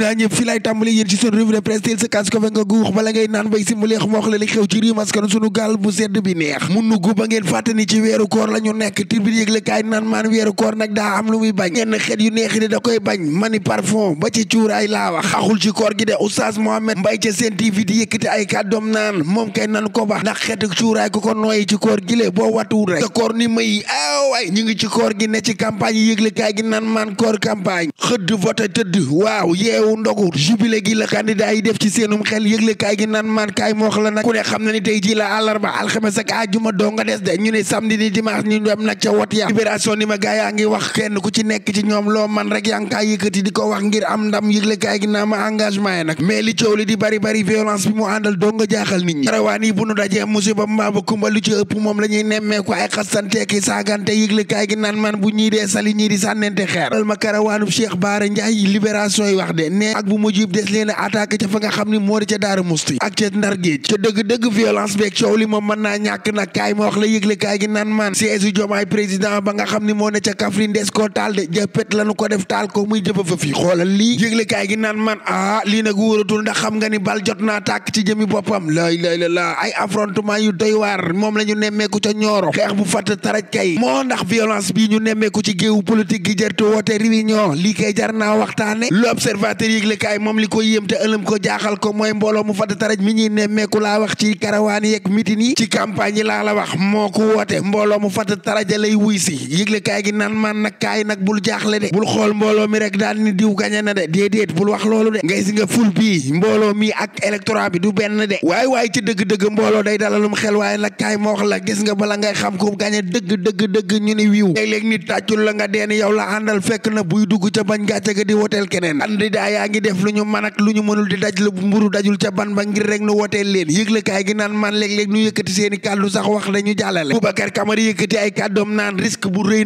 naa ñëpp fi laay tàmbali yéen ci seen revue de presse sa kaas nga guux bala ngay naan bay simbuleex ma wax xew ci réew askan sunu gaal bu sedd bi neex mu nugg ba ngeen fàtte ni ci weeru koor la nekk tribune yëgle naan maan weeru koor nag daa am lu muy bañ ñenn xeet yu neex di da koy bañ mani parfum ba ci cuuraay laa wax xaxul ci koor gi de oustaz Mohamed Mbaye ca seen TV di yëkkati ay kàddoom naan moom kay nan ko ndax xeetu cuuraay wu ndogu jubilé gi yi def ci seenum xel yëgle kaay gi naan man kaay moo nag ku ne xam na ni tey ji la àllarba alxames ak àjjuma doo des de ñu ne samedi ni dimanche ñu dem nag ca wot ya libération ni ma gaa yaa ngi wax kenn ku ci nekk ci ñoom loo man rek yaa ngi di ko wax ngir am ndam yëgle kaay gi naa ma engagement yi nag mais li coow li di bari bari violence bi mu àndal doo jaaxal nit ñi bu nu dajee musiba mbaa ba kumba lu la ñuy nemmeeku ay xastanteeki saagante yëgle kaay bu ñii dee sali ñii di sànnente xeer ma yi wax de mais ak bu mujjib des leen a ca fa nga xam ni moo di ca daara musti ak ca ndar géej ca dëgg-dëgg violence beeg coow li moom mën naa ñàkk nag kaay ma wax la yëgle gi naan maan siège jomaay président ba nga xam ni moo ne ca Kaffrine des koo taal de jëppet lanu ko def taal ko muy jëfa fa fii xoolal lii yëgle gi naan maan ah lii nag wóoratul ndax xam nga ni bal jot naa tàkk ci jëmi boppam lay lay la la ay affrontement yu doy waar moom la ñu nemmeeku ca ñooro xeex bu fatt taraj kay moo ndax violence bii ñu nemmeeku ci géewu politique gi jërtu woote réunion lii enquêteur yëglekaay moom li ko yéem te ëlëm ko jaaxal ko mooy mbooloo mu fata taraj mi ñuy nemmeeku laa wax ci karawaan yeeg mitin yi ci campagne yi laa la wax moo ko woote mbooloo mu fata taraja lay wuy si yëglekaay gi naan man nag kaay bul jaaxle de bul xool mbooloo mi rek daal ni diw gañe na de déedéet bul wax loolu de ngay si nga ful bii mbooloo mi ak électorat bi du benn de waay waay ci dëgg-dëgg mbooloo day dalalum xel waaye nag kaay moo wax la gis nga bala ngay xam ko gañe dëgg dëgg dëgg ñu ni wiiw léeg-léeg nit la nga deen yow la àndal fekk na buy dugg ca bañ gàcce ga di woteel keneen candidat yaa ngi def lu ñu mën ak lu ñu mënul di daj la mburu dajul ca ban ba ngir rek nu woteel leen yëglekaay gi naan man léeg-léeg nu yëkkati seeni kàddu sax wax dañu jàllale bu rëy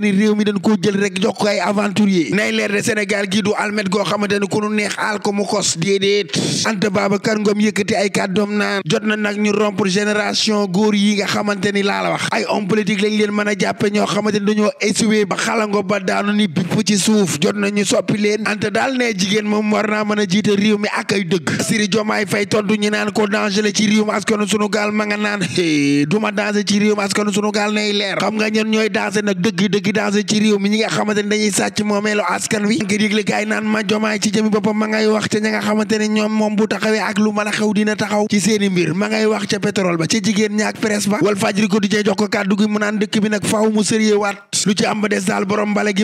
ni réew mi dañ koo jël rek jox ko ay aventurier nay leer de Sénégal gi du almet goo xamante ku nu neex aal mu kos déedéet Anta Babacar Ngom yëkkati ay kàddoom naan jot na nag ñu rompre génération góor yi nga xamante ni la wax ay homme politique lañ leen mën a jàppe ñoo xamante daal ne jigéen moom war naa mën a jiite réew mi ak ay dëgg Siri Jomaay Fay todd ñu naan ko danger la ci réew mi askanu sunu ma nga naan é du ci réew mi askanu sunu gaal leer xam nga ñen ñooy danger nag dëgg dëgg danger ci réew mi ñi nga xamante ne dañuy sàcc moomeelu askan wi ngir yëgle kaay naan ma Jomaay ci jëmi boppam ma ngay wax ca ña nga xamante ne ñoom moom bu taxawee ak lu mën a xew dina taxaw ci seeni mbir ma ngay wax ca pétrole ba ci jigéen ñaak presse ba wal fajri ko di cee jox ko kàddu gi mu naan dëkk bi nag faaw mu sérieux waat lu ci am ba des daal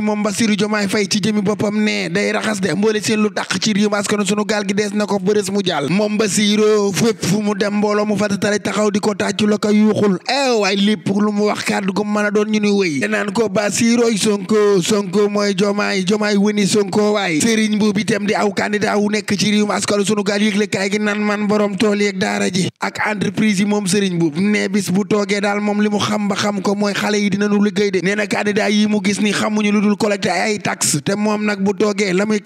moom ba Siri Jomaay Fay boppam ne day raxas maas de mboole seen lu dàq ci riiw maas kon sunu gaal gi dees na ko bërës mu jàll moom ba siiroo fépp fu mu dem mbooloo mu fatatale taxaw di ko tàccu la ko yuuxul eh waaye lépp lu mu wax kàddu gu mën a doon ñu ni wéy danaan ko ba siirooy sonko sonko mooy jomaay jomaay wëni sonko waay sëriñ boobu itam di aw candidat wu nekk ci riiw maas kon sunu gaal yëgle kaay gi nan man borom tool yeeg daara ji ak entreprise yi moom sëriñ boobu ne bis bu toogee daal moom li mu xam ba xam ko mooy xale yi dinañu liggéey na candidat yi mu gis lu dul collecté ay taxe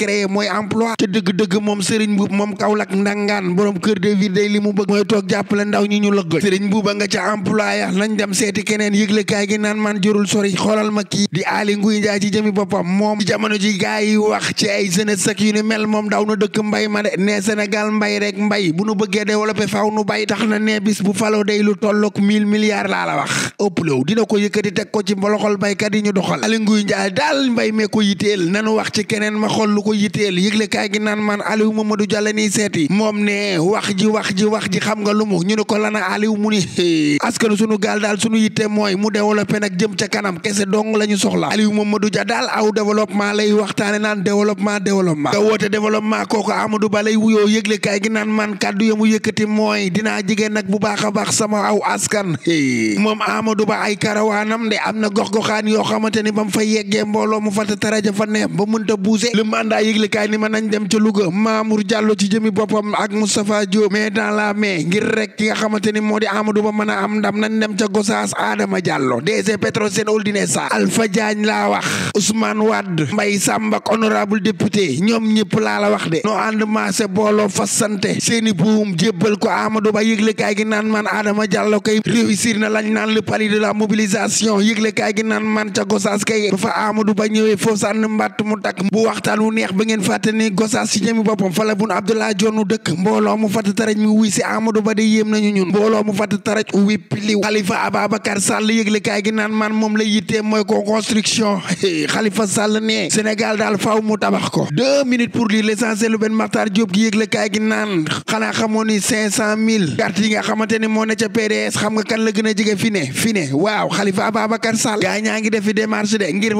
créer mooy emploi te dëgg-dëgg moom Serigne Mboup moom Kaolack ndangaan borom cœur de ville day li mu bëgg mooy toog jàppale ndaw ñi ñu lëggal Serigne Mboup ba nga ca emploi ya nañ dem seeti keneen yëglekaay gi naan man jërul sori xoolal ma kii di Aly Ngouille Ndiaye ci jëmi boppam moom ci jamono ji gaa yi wax ci ay jeunesse ak yu ni mel moom daw na dëkk mbay ma de ne Sénégal mbay rek mbay bu nu bëggee développé faaw nu bay tax na ne bis bu faloo day lu tollook mille milliards laa la wax ëpp lew dina ko yëkkati teg ko ci mboloxol baykat yi ñu doxal Aly Ngouille Ndiaye daal mbay mee ko yiteel nanu wax ci keneen ma xool lu ko ko yitteel yëglekaay gi naan man Aliou Mamadou Diallo nii seeti moom ne wax ji wax ji wax ji xam nga lu mu ñu ne ko lana Aliou mu ni askanu sunu gaal daal sunu yitte mooy mu développé nag jëm ca kanam kese dong la ñu soxla Aliou Mamadou Dia daal aw développement lay waxtaane naan développement développement nga woote développement kooku Amadou Ba lay wuyoo yëglekaay gi naan man kàddu ya mu yëkkati mooy dinaa jigéen nag bu baax a baax sama aw askan moom Amadou Ba ay karawaanam de am na gox goxaan yoo xamante ni ba mu fa yeggee kaay yëglekaay ni ma nañ dem ca Louga Mamour Diallo ci jëmi boppam ak Moustapha Diop mais dans la main ngir rek ki nga xamante ni moo di Amadou Ba mën a am ndam nañ dem ca Gossas Adama Diallo DG Petrosen Oldinesa Alpha Diagne laa wax Ousmane Wade Mbaye Samb ak honorable député ñoom ñëpp laa la wax de noo ànd maase booloo fasante seeni buum jébbal ko Amadou Ba yëglekaay gi naan man Adama Diallo kay réussir na lañ naan le pari de la mobilisation yëglekaay gi naan man ca Gossas kay ba fa Ba ñëwee foofu sànn mbatt mu takk bu waxtaan wu neex xeex ba ngeen fàtte ni Gossas ci jëmi boppam fa la bun Abdoulaye Dione dëkk mbooloo mu fatt taraj mu wuy si Amadou Ba de yéem nañu ñun mbooloo mu fatt taraj uwi pili Khalifa Ababacar Sall yëglekaay gi naan man moom la yittee mooy ko construction Khalifa Sall nee Sénégal daal faaw mu tabax ko minutes pour lire l'essentiel lu benn Makhtar Diop gi yëglekaay gi naan xanaa xamoon ni cinq cent nga xamante ne moo ne ca PDS xam nga kan la gën a jege fi ne fi ne waaw Khalifa Ababacar Sall gaa ñaa ngi defi démarche de ngir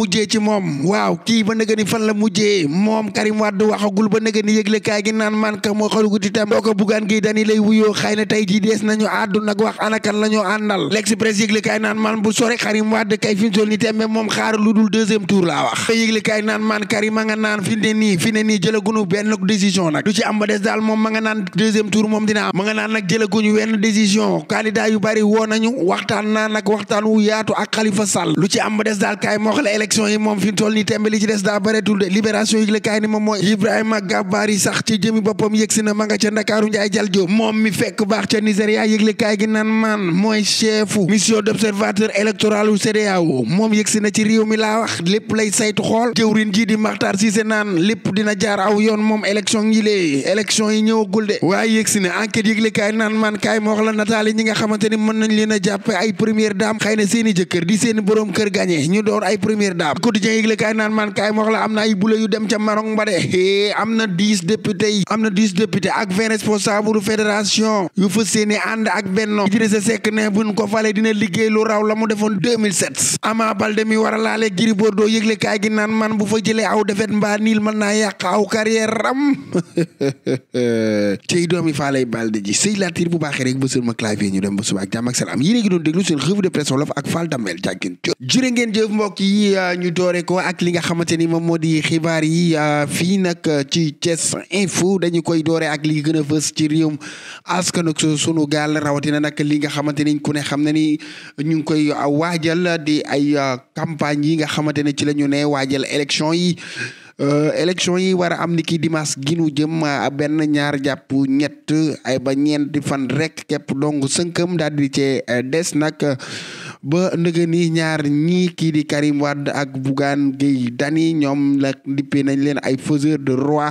mujjee ci moom waaw kii ba nëgë fan la mujjee moom Karim Wade waxagul ba nëgë ni gi naan man Karim Wade naan ma nga naan fi ne nii fi ne nii jëlagunu benn décision nag lu ci am ba des daal moom ma nga naan deuxième tour moom dina am ma nga naan nag jëlaguñu wenn décision candidat yu bari woo waxtaan naa nag waxtaan wu yaatu ak Khalifa Sall lu ci am ba des daal kaay moo xale élection yi moom fi mu toll nii tembe li ci des mi laa wax lépp lay saytu xool jëwrin ji di Maxtaar Siise naan lépp dina jaar aw yoon moom élection yi lée élection yi ñëwagul de waaye yëg si na naan man kaay ma wax la nataali ñi nga xamante mën nañ leen jàppe ay première dame xëy na seen jëkkër di seen boroom kër gagné ñu door ay première daam quotidien yëgle kaay naan maan kaay ma wax la am na ay bule yu dem ca Maroc mba de am na dix députés yi am na dix députés ak vingt responsable fédération yu fa seeni ànd ak Benno Idrissa Seck ne buñ ko falee dina liggéey lu raw la mu defoon 2007 Ama Baldé mi war a laale Gris Bordeaux yëgle kaay gi naan man bu fa jëlee aw defet mbaa niil mën naa yàq aw carrière am tey doomi faa lay Baldé ji sëy laatir bu baaxee rek ba suma clavier ñu dem ba suba ak ñu doore ko ak li nga xamante ni moom moo di xibaar yi euh, fii nag euh, ci Thiès Info dañu koy doore ak lii gën a fës ci réewum askan sunu gaal rawatina nag li nga xamante ni ku ne xam ne ni ñu ngi koy euh, waajal di ay campagne yi nga xamante ne ci lañu ne waajal élection yi élection yi war a am ni dimas dimanche ginu jëm benn ñaar jàpp ñett ay ba ñeenti fan rek képp dong sënkam daal ce des nag ba ndege ni ñaar ñii kii di Karim Wade ak Bougane Gueye Dany ñoom la dippee nañ leen ay faiseur de roi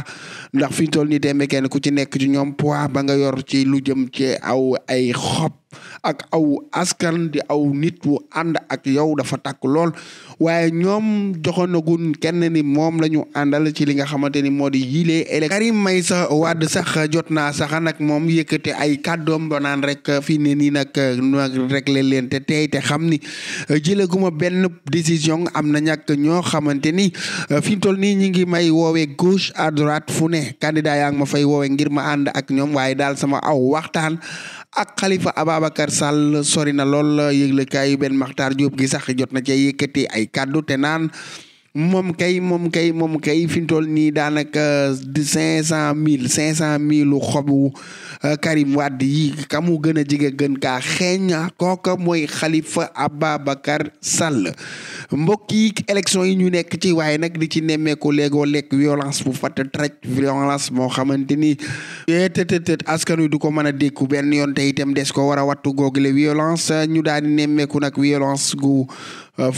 ndax fi ñu toll nii tembe kenn ku ci nekk ci ñoom pois ba nga yor ci lu jëm ci aw ay xob ak aw askan di aw nit wu ànd ak yow dafa takk lool waaye ñoom joxonagun kenn ni moom la ñu àndal ci li nga xamante ni moo di yilee may sax Meïssa Wade sax jot naa sax nag moom yëkkate ay kàddoom ba rek fii ne nii nag rek leen te tey te xam ni jëlaguma benn décision am na ñàkk ñoo xamante ni fi mu toll nii ñi ngi may woowee gauche à fu ne candidat yaa ma fay woowee ngir ma ànd ak ñoom waaye daal sama aw waxtaan ak Khalifa Ababacar Sall sori na lool yëglekaay benn Makhtar Diop gi sax jot na cee yëkkati ay kàddu te naan moom kay moom kay moom kay fi mu toll nii daanaka cinq cent mille cinq cent mille xobu euh, Karim Wade yi kamu gën a jige gën kaa xeeñ kooka mooy Khalifa Ababacar Sall mbokk yi élection yi ñu nekk ci waaye nag di ci nemmeeku léegoo lekk violence bu fatt traj violence moo xamante ni tëtëtët eh, askan wi du ko mën a dékku benn yoon te itam des ko war a wattu googule violence ñu daal di nemmeeku nag violence gu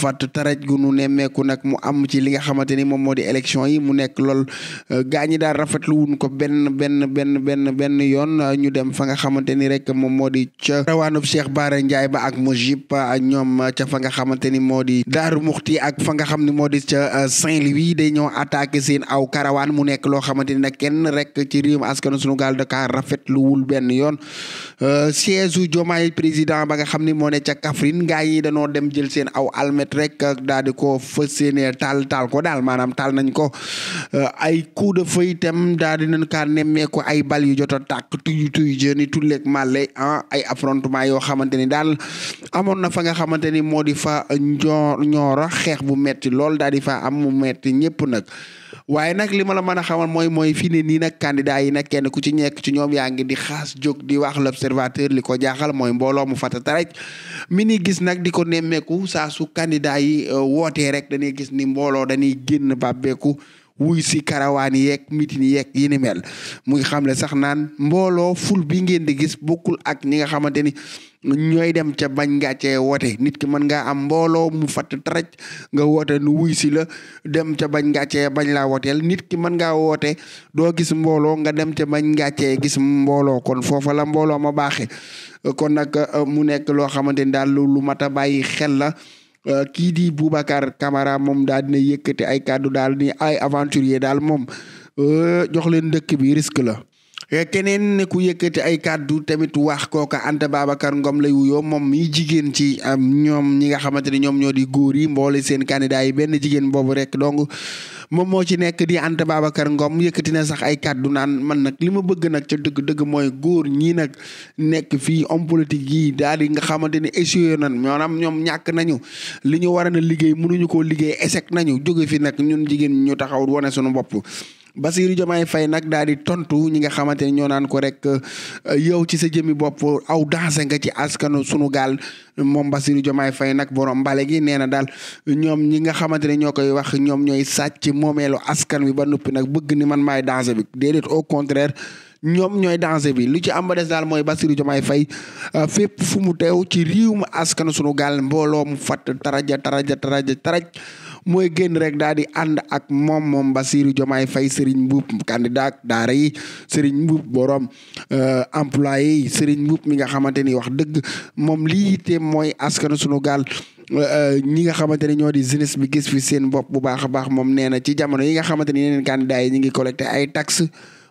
fàtt taraj gu nu nemmeeku nag mu am ci li nga xamante ni moom moo di élection yi mu nekk lool euh, ga ñi daal rafetlu wuñ ko ben benn benn benn benn yoon euh, ñu dem fa nga xamante ni rek moom moo di ca rawaanub Cheikh Bara Ndiaye ba ak Mujib euh, ñoom ca fa nga xamante ni moo di Daaru Muxti ak fa nga xam ni moo di ca Saint-Louis day ñoo attaqué seen aw karawaan mu nekk loo xamante ni nag kenn rek ci réewum askanu sunu gaal da kaa rafetluwul benn yoon siège u Diomaye président ba nga xam ne moo ne ca Kaffrine gaa yi dañoo dem almet rek ak di ko fas yéenee taal taal ko daal maanaam taal nañ ko euh, ay coup de feu itam daal di nañ kaa nemmeeku ay bal yu jot a tàkk tuy tuy jëni tulleeg màlle ah ay affrontement yoo xamante ni daal amoon na fa nga xamante ni moo di fa ñooro xeex bu metti lool daal di fa am mu metti ñëpp nag waaye nag li ma la mën a xamal mooy mooy fii ne nii nag candidat yi nag kenn ku ci nekk ci ñoom yaa ngi di xaas jóg di wax l'observateur li ko jaaxal mooy mbooloo mu fatata rek mi ni gis nag di ko nemmeeku saa su candidat yi euh, wootee rek dañuy gis ni mbooloo dañuy génn bàbbeeku wuy si karawaan yeeg mitin yeeg yi mu ngi xam le sax naan mbooloo ful bi ngeen di gis bokkul ak ñi nga xamante ni ñooy dem ca bañ ngàccee woote nit ki mën ngaa am mbooloo mu fatt taraj nga woote nu wuy si la dem ca bañ ngàccee bañ laa wooteel nit ki mën ngaa woote doo gis mbooloo nga dem ca bañ ngàccee gis mbooloo kon foofa la mbooloo ma baaxee kon nag mu nekk loo xamante ni daal lu mat a bàyyi xel la Euh, kii di Boubacar Camara moom daal dina yëkkati ay kàddu daal ni ay aventurier daal moom euh, jox leen dëkk bi risque la euh, keneen ne ku yëkkati ay kàddu tamit wax kooka Anta Babacar Ngom lay wuyoo moom mi jigéen ci ñoom ñi nga xamante ne ñoom ñoo di góor yi mboole seen candidat yi benn jigéen boobu rek dong moom moo ci nekk di Anta Babacar Ngom yëkkati na sax ay kàddu naan man nag li ma bëgg nag ca dëgg-dëgg mooy góor ñii nag nekk fii homme politique yi daal di nga xamante ne échoué nan maanaam ñoom ñàkk nañu li ñu war na liggéey mënuñu koo liggéey échec nañu jóge fi nag ñun jigéen ñu taxaw wane suñu bopp Bassirou Diomaye fay nag daal di tontu ñi nga xamante ne ñoo naan ko rek euh, yow ci sa jëmi bopp aw dansé nga ci askanu sunu gaal moom Bassirou Diomaye Faye nag borom mbale gi nee na daal ñoom ñi nga xamante ne ñoo koy wax ñoom ñooy sàcc moomeelu askan wi ba noppi nag bëgg ni man maay dansé bi déedéet au contraire ñoom ñooy danger bi lu ci am ba des daal mooy Bassirou Diomaye Faye euh, fépp fu mu teew ci réew mu askan sunu gaal mbooloo mu fatt taraja taraja taraja taraj mooy génn rek daal di ànd ak moom moom Bassirou fay Faye Serigne Mboup candidat daara yi Serigne Mboup borom euh, employé yi Serigne Mboup mi nga xamante ni wax dëgg moom lii te mooy askanu sunu gaal euh, ñi nga xamante ne ñoo di jeunesse bi gis fi seen bopp bu baax baax moom nee na ci jamono yi nga xamante ni yeneen candidat yi ñu ngi collecté ay tax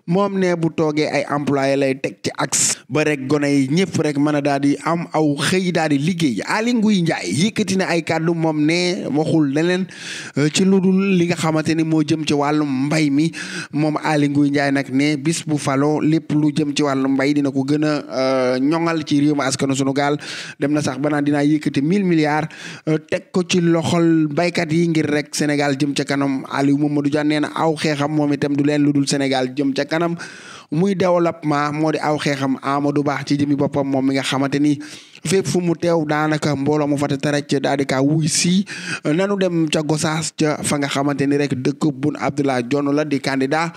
moom ne bu toogee ay employé lay teg ci axe ba rek gone yi ñëpp rek mën a daal di am aw xëy daal di liggéey Aly Ngouille Ndiaye yëkkati na ay kàddu moom ne waxul leneen euh, ci lu dul li nga xamante ni moo jëm ci wàllum mbay mi moom Aly Ngouille Ndiaye nag ne bis bu faloo lépp lu jëm ci wàllum mbay dina ko gën a euh, ñoŋal ci réew mi askanu sunu dem na sax ba naan dinaa yëkkati mille milliards euh, teg ko ci loxol baykat yi ngir rek Sénégal jëm ca kanam Aliou Mamadou Dia nee na aw xeexam moom itam du leen lu dul Sénégal jëm ca kanam muy développement moo di aw xeexam Amadou Ba ci jëmi boppam moom mi nga xamante ni fépp fu mu teew daanaka mbooloo mu fatata rek daal di kaa wuy si nanu dem ca Gosaas ca fa nga xamante ni rek dëkk Boun Abdallah Dionne la di candidat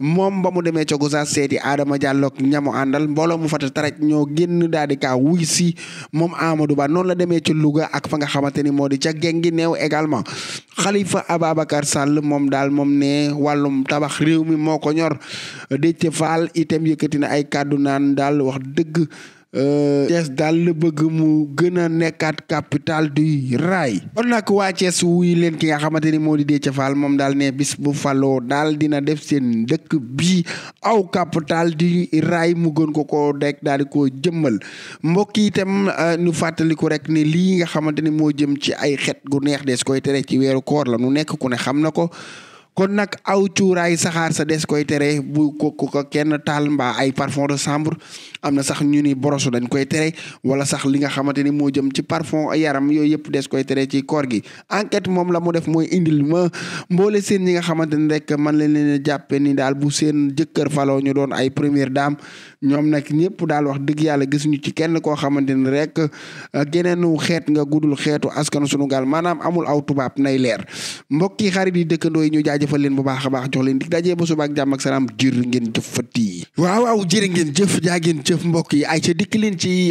moom ba mu demee ca Gosaas seeti Adama Diallo ak ñamu àndal mbooloo mu fatata rek ñoo génn daal di kaa wuy si moom Amadou Ba noonu la demee ca Louga ak fa nga xamante ni moo di ca Gengi neew également xalifa Ababacar Sall moom daal moom ne wàllum tabax réew mi moo ko ñor Déthié Fall itam yëkkati na ay kàddu naan daal wax dëgg Euh, Thiès daal bëgg mu gën a nekkaat capitale du rail kon nag waa Thiès wuy leen ki nga xamante ni moo di Déthié Fall moom daal ne bis bu faloo daal dina def seen ndëkk bi aw capitale du rail mu gën ko ko dekk daal di ko jëmmal mbokk yi nu euh, ñu fàttaliku rek ni lii nga xamante ni moo jëm ci ay xet gu neex des koy tere ci weeru koor la nu nekk ku ne xam na ko kon nag aw cuuraay saxaar sa des koy tere bu ko ko kenn taal mbaa ay parfum de chambre am na sax ñu ni borosu dañ koy tere wala sax li nga xamante ni moo jëm ci parfum yaram yooyu yëpp des koy tere ci koor gi enquête moom la mu def mooy indil ma mboole seen ñi nga xamante ni rek man leen leen jàppee ni daal bu seen jëkkër faloo ñu doon ay première dame ñoom nag ñëpp daal wax dëgg yàlla gisuñu ci kenn koo xamante ni rek euh, geneenu xeet nga gudul xeetu askan sunu gaal maanaam amul aw tubaab nay leer mbokk yi xarit yi dëkkandoo yi ñu jaajëfal leen bu baax a baax jox leen dig dajee ba ak jàmm ak salaam jërë ngeen jëf fati waaw waaw ngeen jëf jaa ngeen jëf mbokk yi ay ca dikk leen ci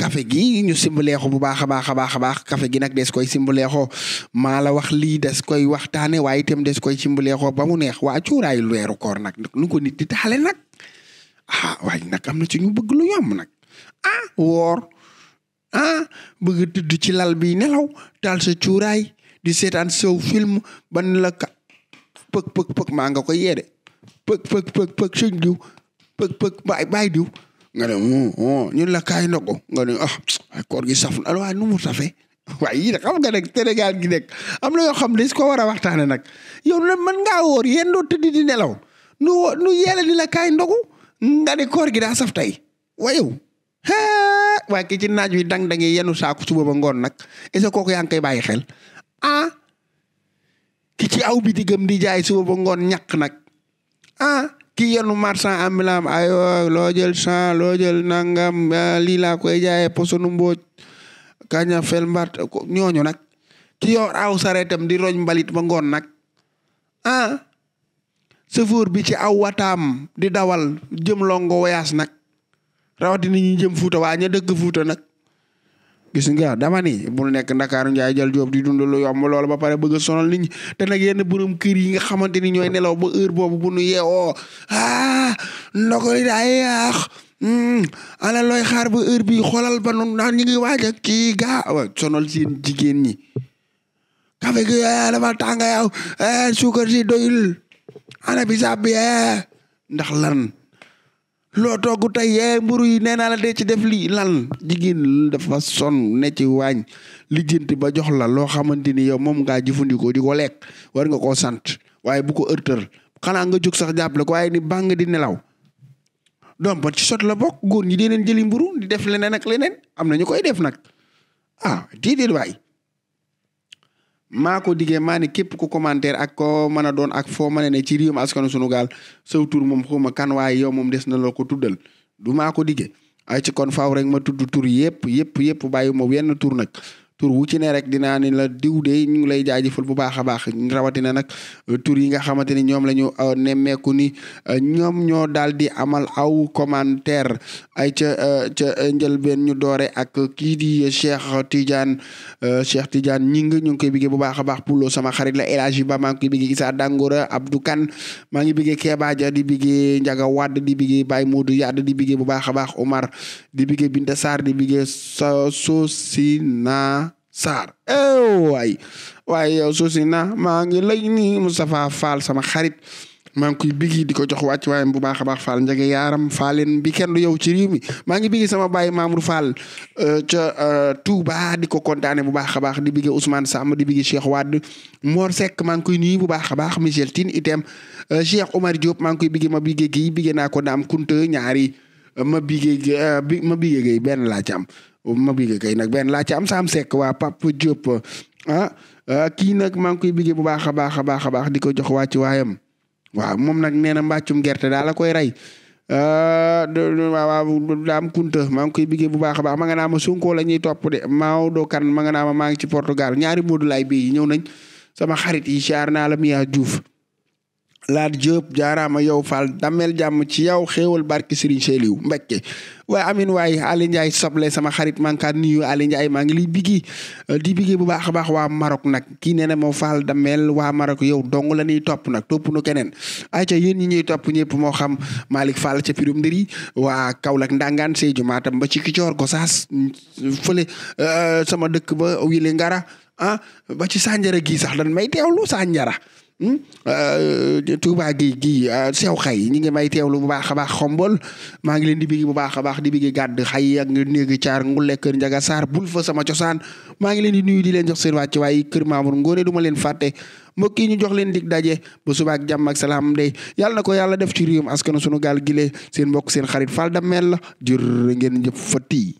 kafe euh, gi ñu simbaleexo bu baax a baax a baax a baax café gi nag des koy simbaleexo maa la wax lii des koy waxtaane waaye itam des koy simbaleexo ba mu neex waa cuuraayu weeru koor nag nu ko nit di taale nag ah waaye nag am na ci ñu bëgg lu yomb nag ah woor ah bëgg tëdd ci lal bi nelaw taal sa cuuraay di seetaan sew film ban la ka pëk pëk pëk maa nga ko yeede pëk pëk pëk pëk sëñ diw pëk pëk baay diw nga ne ñun la kaay ndogu nga ne ah koor gi saf na waaye nu mu safee waaye yii nag xam nga nag Sénégal gi nekk am na yoo xam ne su ko war a waxtaane nag yow nag mën nga woor yéen doo tëdd di nelaw nu nu yeele di la ndogu ndari koor gi daa saf tey wayow waaye ci naaj wi dang dangi yenu saaku suba ba ngoon nag est ce que kooku bàyyi xel ah ki ci aw bi di gëm jaay suba ba ngoon ñàkk nag ah ki yenu marchand ambulant ayo loo jël chan nangam ah, lii laa koy jaayee posonu mbooj kaña fel mbat ñooñu nag ki yor aw sareetam di roñ mbalit ba ngoon nag ah sëfoor bi ci aw wataam di dawal jëm longo voyage nag rawatina ñi jëm Fuuta waa ña dëkk Fuuta nag gis nga dama ni bul nekk ndakaaru njaay jël joob di dund lu ba pare bëgg a sonal te nag yenn borom kër yi nga xamante ni ñooy nelaw ba heure boobu bu nu yeewoo ah ndogali hmm, looy xaar ba heure bi xoolal ba noonu naan ñu ngi waaj a kii gaa sonal seen jigéen ñi. kafe gi eh, dafa tàng yow eh, suukar si doyul. ana bisaab bi eh, ndax lan loo toogu tey eh, mburu yi nee naa la de ci def li lan jigéen dafa son ne ci waañ lijjanti ba jox la loo xamante ni yow moom ngaa jëfandikoo di ko lekk war nga koo sant waaye bu ko ërtër xanaa nga jóg sax jàppale ko waaye ni nga di nelaw donc ba ci sot la bokk góor ñi dee leen jëli mburu di def leneen ak leneen am na ñu koy def nag ah déedéet waay maa ko diggee maa ne képp ku commentaire ak ko mën a doon ak foo mën a ne ci réewum askanu sunu gaal saw tur moom xuma kan waaye yow moom des na loo ko tuddal du maa ko diggee ay ci kon faaw rek ma tudd tur yëpp yëpp yëpp bàyyi ma wenn tur nag tur wu ci ne rek dinaa ni la diw de ñu ngi lay jaajëfal bu baax a baax rawatina nag euh, tur yi nga xamante ni ñoom la ñu euh, nemmeeku ni euh, ñoom ñoo daal di amal aw commentaire ay ca ca njëlbeen ñu doore ak kii di Cheikh Tidiane Cheikh Tidiane ñing ñu ngi koy biggee bu baax a baax Pulo sama xarit la El Ba maa ngi koy biggee Issa Dangora Abdou Kane maa ngi biggee Keba Dia di biggee Ndiaga Wade di biggee Baye Modou Yade di biggee bu baax a baax Omar di biggee Binta Sarr di biggee Sosina Sarr waay waaye yow suuf si na maa ngi lay nii Moustapha Fall sama xarit maa ngi koy bigi di ko jox wàcc waayam bu baax a baax Fall njege yaaram Fallen bi kenn du yow ci réew mi maa ngi bigi sama baay Mamour Fall euh, ca euh, Touba di ko kontaane bu baax a baax di bigi Ousmane Samb di bigi Cheikh Wade Mor Seck maa ngi koy nuyu bu baax a baax Michel tiin itam euh, Cheikh Omar Diop maa ngi koy bigi ma bige gi bige naa ko daam kunte ñaari ma bige gi ma bige gi benn laa ci ma bigee kay nag benn laa ci am saam sekk waa pap Diop ah, ah kii nag maa ngi koy bigee bu baax a baax a baax a baax di ko jox waa waayam waaw moom nag nee na mbàccum gerte daal la koy rey ah, waaw daam kunta maa ngi koy bigee bu baax a baax ma nga naa ma Sonko la ñuy topp de Maodo kan ma nga naa ma maa ngi ci Portugal ñaari Modou Laye bii ñëw nañ sama xarit yi siyaar naa la Mia Diouf Laat Diop jaaraama yow Fall damel jàmm ci yow xéewal barki Serigne Seliou Mbacké waaye amin waaye Ali soble sama xarit maa ngi kaa nuyu Ali Ndiaye maa ngi liy bigi euh, di bigi bu baax a baax waa Maroc nag kii nee na moo Fall damel waa Maroc yow dong la ñuy topp nag topp nu keneen ayca yéen ñi ñuy topp ñëpp moo xam Malick Fall ca pirum ndëri waa Kaolack ndangaan Sédhiou Matam ba ci Kicoor Gosaas fële euh, sama dëkk ba Wile Ngara ah ba ci Sanjara gii sax dañ may teewlu Sanjara Hmm? Euh, euh, Touba gi gi euh, sew xay ñi nge may teewlu bu baax a baax xombol maa ngi leen di bigi bu baax a baax di bigi gàdd xay ak néegi caar ngule kër njaga saar bul fa sama cosaan maa ngi leen di nuyu di leen jox seen wàcc waaye kër Mamour Ngoné du ma leen fàtte mbokk yi ñu jox leen dig daje ba suba ak jàmm salaam de yàlla na ko yàlla def ci réewum askanu sunu gaal gile seen mbokk seen xarit Fall Damel la jërë ngeen jëf fati